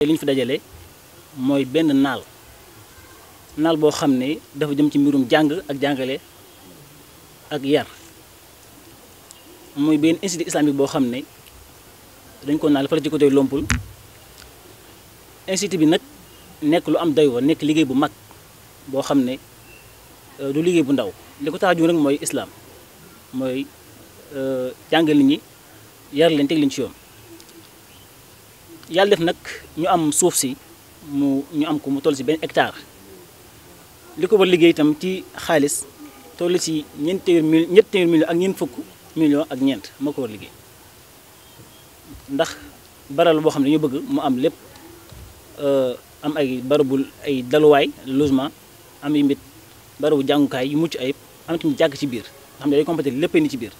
li ñu fi dajale mooy benn naal naal boo xam ne dafa jëm ci mbirum jàng ak jàngale ak yar mooy benn institut islamique boo xam ne dañ ko naal fële ci Lompul institut bi nag nekk lu am doy nekk liggéey bu mag boo xam ne euh, du liggéey bu ndaw li ko tax a jóg mooy islaam mooy euh, jàngal nit ñi yar leen teg leen ci yoon yàlla def nag ñu am suuf si mu ñu am ko mu toll si benn hectare li ko war liggéey tam ci xaalis toll si ñeent téeméer mil ñett téeméer million ak ñeent fukk million ak ñeent moo ko war liggéey ndax baral boo xam ne dañu bëgg mu am lépp euh, am ay barabul ay daluwaay logement am yi mbit barabu jàngukaay yu mucc ayib am ñu jàkk ci biir xam ne day complété lépp ni ci biir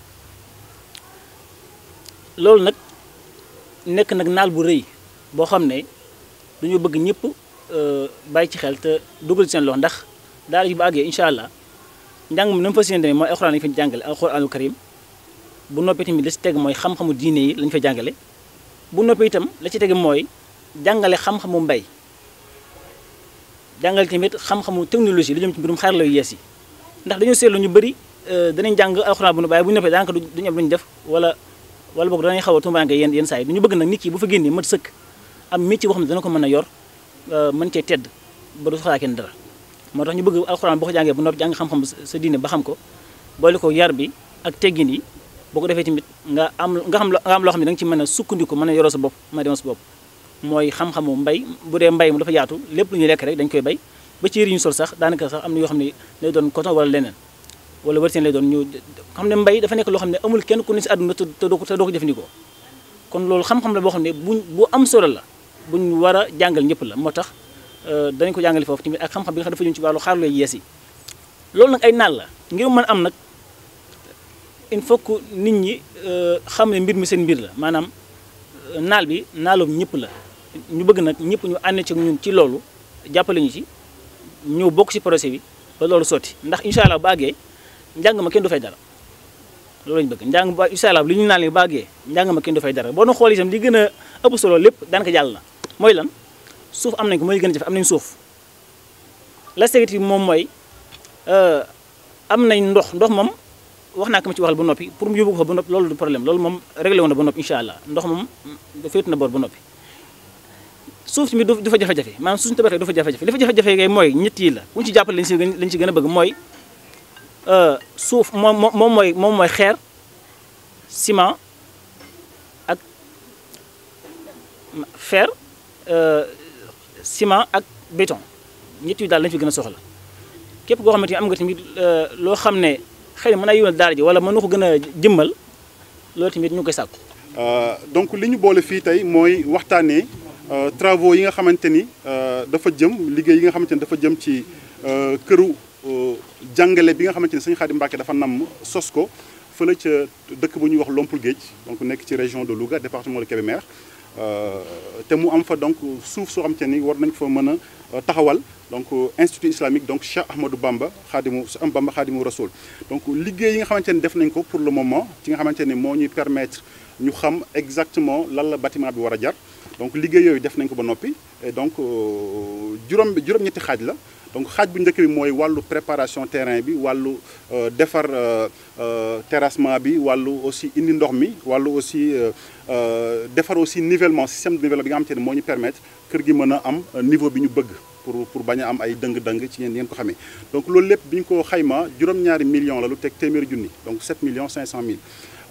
loolu nag nekk nag naal bu rëy boo xam ne ñu bëgg ñëpp euh, bàyyi ci xel te dugal seen loxo ndax daara ji bu àggee incha allah njàng mi na mu fas yéene mooy alxuraan lañu fa jàngale alxuraanu bu noppee tamit la ci teg mooy xam-xamu diine yi lañu fa jàngale bu noppee itam la ci teg mooy jàngale xam-xamu mbay jàngale tamit xam-xamu technologie lu jëm ci mbirum xarala yu yees yi ndax dañu seetlu ñu bëri euh, danañ jàng alxuraan bu nu bàyyi bu ñu noppee daanaka duñu am lu def wala wala boog danañ xaw a tumbaanke yenn yenn saa yi duñu bëgg nag ki bu fa génnee mat sëkk am métier boo xam ne dana ko mën a yor euh, mën cee tedd ba du soxlaa kenn dara moo tax ñu bëgg alxuraan boo ko jàngee ba noppi jàng xam-xam sa diine ba xam ko boole ko yar bi ak teggin yi boo ko defee tamit nga am nga xam nga am loo xam ne da nga mën a sukkandiku mën a yoroo sa bopp mën a sa bopp mooy xam mbay bu dee mbay mu dafa yaatu lépp lu ñuy lekk rek dañ koy bay ba ci yëri ñu sol sax daanaka sax am na yoo xam ne lay doon coton wala leneen wala wërteen lay doon ñu xam ne mbay dafa nekk loo xam ne amul kenn ku ne si àdduna te doo ko te doo ko jëfandikoo kon loolu xam-xam la boo xam ne bu bu am solo la buñ war a jàngal ñëpp la moo tax euh, dañ ko jàngale foofu tamit ak xam-xam bi nga xam dafa jëm ci wàllu xaarula yees yi loolu nag ay naal la ngir man am nag il faut nit ñi euh, xam ne mbir mi seen mbir la maanaam euh, naal bi naaloom ñëpp la ñu bëgg nag ñëpp ñu ànd ci ñun ci loolu jàppale ñu ci ñëw bokk ci projet bi ba loolu sotti ndax incha allah baagee njàng ma kenn du fay dara loolu lañ bëgg njàng ñu naan li baagee njàng ma kenn du fay dara boo doon xool itam li gën a ëpp solo lépp daanaka jàll na. mooy lan suuf am nañ ko mooy gën a am nañ suuf la sécurité moom mooy euh, am nañ ndox ndox moom wax naa ko ma ci waxal ba noppi pour mu yóbbu ko fa ba noppi loolu du problème loolu moom réglé woon na ba noppi incha allah ndox moom féetu na boor ba noppi suuf tamit du fa jafe-jafe maanaam suñu tabaxee du fa jafe-jafe li fa jafe-jafe kay mooy ñetti la bu ci jàppale lañ si lañ si gën a bëgg mooy euh, suuf moom moom mooy moom mooy xeer ciment ak fer Euh, ciment ak béton ñett yu daal lañu fi gën a soxla képp goo xam xamante ni am nga tamit euh, loo xam ne xëy na mën naa yónnal ji wala mën na ko gën a jëmmal loolu tamit ñu ngi koy sàkku. Euh, donc li ñu boole fii tey mooy waxtaanee travaux yi nga xamante ni dafa jëm liggéey yi nga xamante ni dafa jëm ci këru jàngale bi nga xamante ni sëñ Xaadim Mbàkke dafa nam sos ko fële ca dëkk bu ñuy wax Lompul Géej donc nekk ci région de Louga département de Kébémer. Euh, te mu am fa donc suuf soo xam te ni war nañ fa mën a euh, taxawal donc euh, institut islamique donc Cheikh Ahmadou Bamba xaadimu Cheikh Ahmadou Bamba xaadimu rasul donc liggéey yi nga xamante ni def nañ ko pour le moment ci nga xamante ni moo ñuy permettre ñu xam exactement lan la bâtiment bi war a jar donc liggéey yooyu def nañ ko ba noppi et donc euh, juróom juróom-ñetti xaaj la donc xaaj bu njëkk bi mooy wàllu préparation terrain bi wàllu euh, defar euh, terrassement bi wàllu aussi indi ndox mi wàllu aussi defar aussi nivellement système de nivellement bi nga xamante ne moo ñu permettre kër gi mën a am niveau bi ñu bëgg pour pour bañ a am ay dëng-dëng ci ngeen ngeen ko xamee donc loolu lépp bi ñu ko xayma juróom-ñaari millions la lu teg téeméeri junni donc 7 millions 500 mille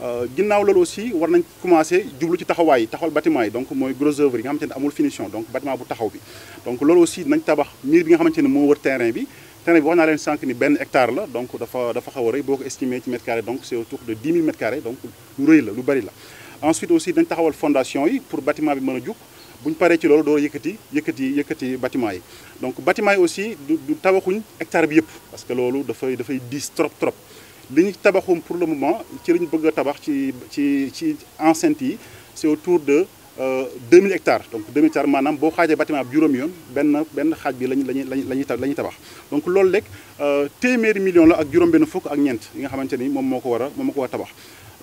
Euh, ginnaaw loolu aussi war nañ commencé jublu ci taxawaay yi taxawal bâtiment yi donc mooy gros œuvre yi nga xamante ne amul finition bu taxaw bi donc loolu aussi nañ tabax miir bi nga xamante ne moo wër terrain bi terrain bi wax naa leen sànq ni benn hectare la donc dafa dafa a rëy boo ko estimé ci mètre carré donc c'est autour de 10 000 mètres carrés donc lu rëy la lu bari la ensuite aussi dañ taxawal fondation yi pour bâtiment bi mën a jug bu ñu paree ci loolu doo yëkkati yëkkati yëkkati bâtiment yi donc bâtiment yi aussi du tabaxuñ hectare yëpp parce que loolu dafay dafay diis trop trop li ñu tabaxum pour le moment ci lañu ñu bëgg tabax ci ci ci enceinte yi c'est autour de 2000 euh, hectares donc 2000 hectares maanaam boo xaajee bâtiment bi juróomi yoon benn benn xaaj bi lañ lañu lañ lañuy la ñuy tabax donc loolu rek euh, téeméeri million la ak juróom benn fukk ak ñeent yi nga xamante ni moom moo ko war a moom moo ko war a tabax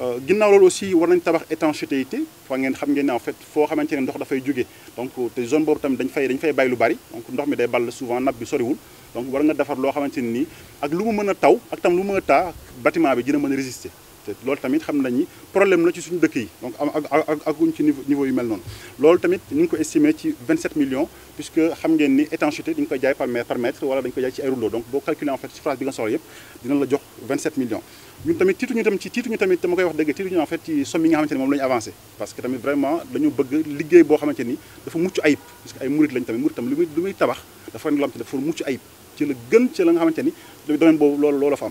euh, ginnaaw loolu aussi war nañ tabax étanchéité fa ngeen xam ngeen ne en foo xamante ne ndox dafay jóge donc te zone boobu tamit dañ fay dañ fay bàyyi lu bari donc ndox mi day ball souvent nappe bi soriwul donc war nga defar loo xamante ni ak lu mu mën a taw ak a taa batiment bi dina mën a résister te loolu tamit xam nañ ni problème la ci suñu dëkk yi donc am ak aguñ ci niveau niveau mel noonu loolu tamit ñu ngi ko estimé ci 27 millions puisque xam ngeen ni étanchéité dañu koy jaay par par mètre wala dañu koy jaay ci ay rouleau donc boo calculer en fait surface bi nga tamit tiituñu tam ci tiituñu tamit dama koy wax dëgg tiituñu en fait ci somme xamante ni moom la ñu parce que tamit vraiment dañu bëgg liggéey boo xamante ni dafa mucc ayib puisque ay murit lañ tamit am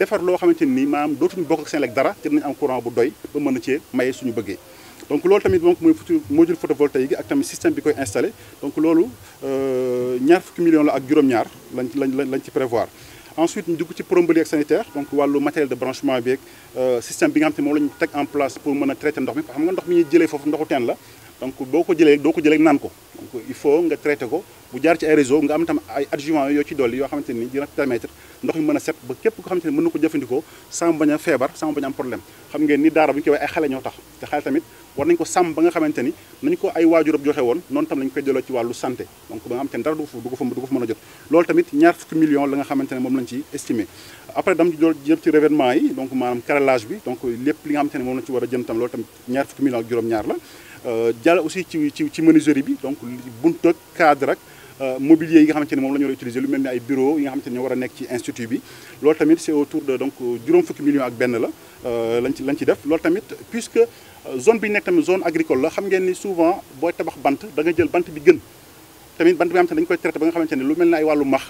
defar loo xamante ni maanaam dootuñu bokk ak seen lekk dara te dinañ am courant bu doy ba mën a cee suñu bëggee donc loolu tamit donc mooy futur module photovoltaïque yi ak tamit système bi koy installé donc loolu euh, ñaar fukki million la ak juróom-ñaar lañ lañ lañ ci prévoir ensuite ñu dugg ci prombali ak sanitaire donc wàllu matériel de branchement bi ak euh, système bi nga xam te moom la ñu teg en place pour mën a traiter ndox mi xam nga ndox mi ñuy jëlee foofu ndoxu la donc boo ko jëlee doo ko jëlee naan ko donc il faut nga traité ko bu jaar ci ay réseau nga am tam ay adjuvant yoo ci dolli yoo xamante ni dina permettre ndox mi mën a set ba képp ko xamante ni mën na ko jëfandikoo sans bañ a feebar sans bañ a am problème xam ngeen ni daara bu ñu koy waxee ay xale ñoo war ko sàmm ba nga xamante ni nañ ko ay waajurab joxe woon noonu tam lañ koy delloo ci wàllu santé donc ba tamit ñaar fukki millions la nga xamante ne moom lañ ci estimé après dam dool jëm bi donc lépp li nga xamante ne moom lañ ci war a tam ñaar fukki ak juróom-ñaar la Euh, jàll aussi ci ci ci menuiserie bi donc bunt ak cadre ak euh, mobilier yi nga xamante ne moom la ñu war a utiliser lu mel ni ay bureau yi nga xamante ne ñoo war a nekk ci institut bi loolu tamit c'est autour de donc juróom fukki millions ak benn la euh, lañ ci lañ ci def loolu tamit puisque zone bi nekk tamit zone agricole la xam ngeen ni souvent booy tabax bant danga nga jël bant bi gën tamit bant bi nga xamante ne dañu koy traité ba nga xamante ne lu mel ni ay wàllu max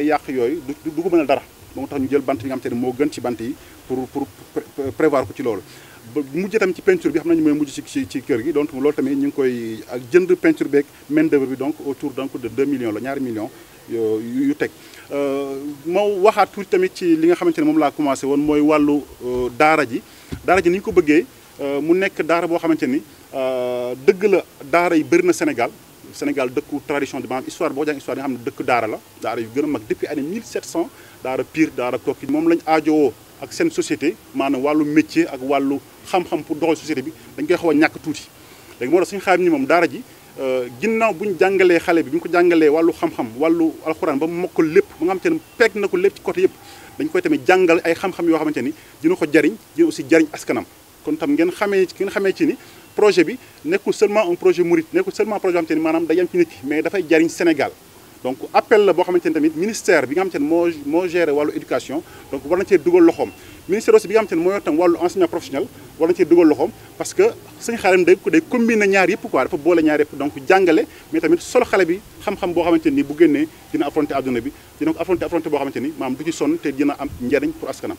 yàq yooyu du du ko jël bant bi nga xamante ne moo gën ci bant yi pour pour prévoir ci loolu ba mujj tam ci peinture bi xam nañu mooy mujj ci ci kër gi donc loolu tamit ñu ngi koy ak jënd peinture beeg main d'œuvre bi donc autour de 2 millions la ñaari millions yu euh, waxaat tuuti tamit ci li nga xamante ne moom laa commencé woon mooy wàllu euh, daara ji daara ji ni ko bëggee euh, mu nekk daara boo xamante ni dëgg la daara yi bëri na Sénégal. Sénégal dëkku tradition bi boo jàng histoire yi dëkk daara la daara yu gën a mag depuis année 1700 daara Pire daara Koki moom lañ aajowoo ak seen société maanaam wàllu métier ak wàllu xam-xam pour doxal société bi dañ koy xaw a ñàkk tuuti léegi moo tax suñu xaar ñi moom daara ji euh, ginnaaw bu ñu jàngalee xale bi bu ko jàngalee wàllu xam-xam wàllu alxuraan ba mu mokkal lépp ba nga xamante ne peeg na ko lépp ci côté yëpp dañ koy tamit jàngal ay xam-xam yoo xamante ni dina ko jariñ dina aussi jariñ askanam kon tam ngeen xamee ngeen xamee ci ni projet bi nekkul seulement un projet murit nekkul seulement projet xamante ni maanaam day am ci nit ki mais dafay jariñ Sénégal donc appel la boo xamante ni tamit bi nga xamante ni moo moo géré wàllu éducation donc war na cee dugal loxoom ministère aussi bi nga xamante ni moo tam wala ci dugal loxoom parce que sëñ xaarim day day combiner ñaar yëpp quoi dafa boole ñaar yëpp donc jàngale mais tamit solo xale bi xam-xam boo xamante ni bu génnee dina affronter adduna bi dina ko affronter affronter boo xamante ni maam du ci sonn te dina am njariñ pour askanam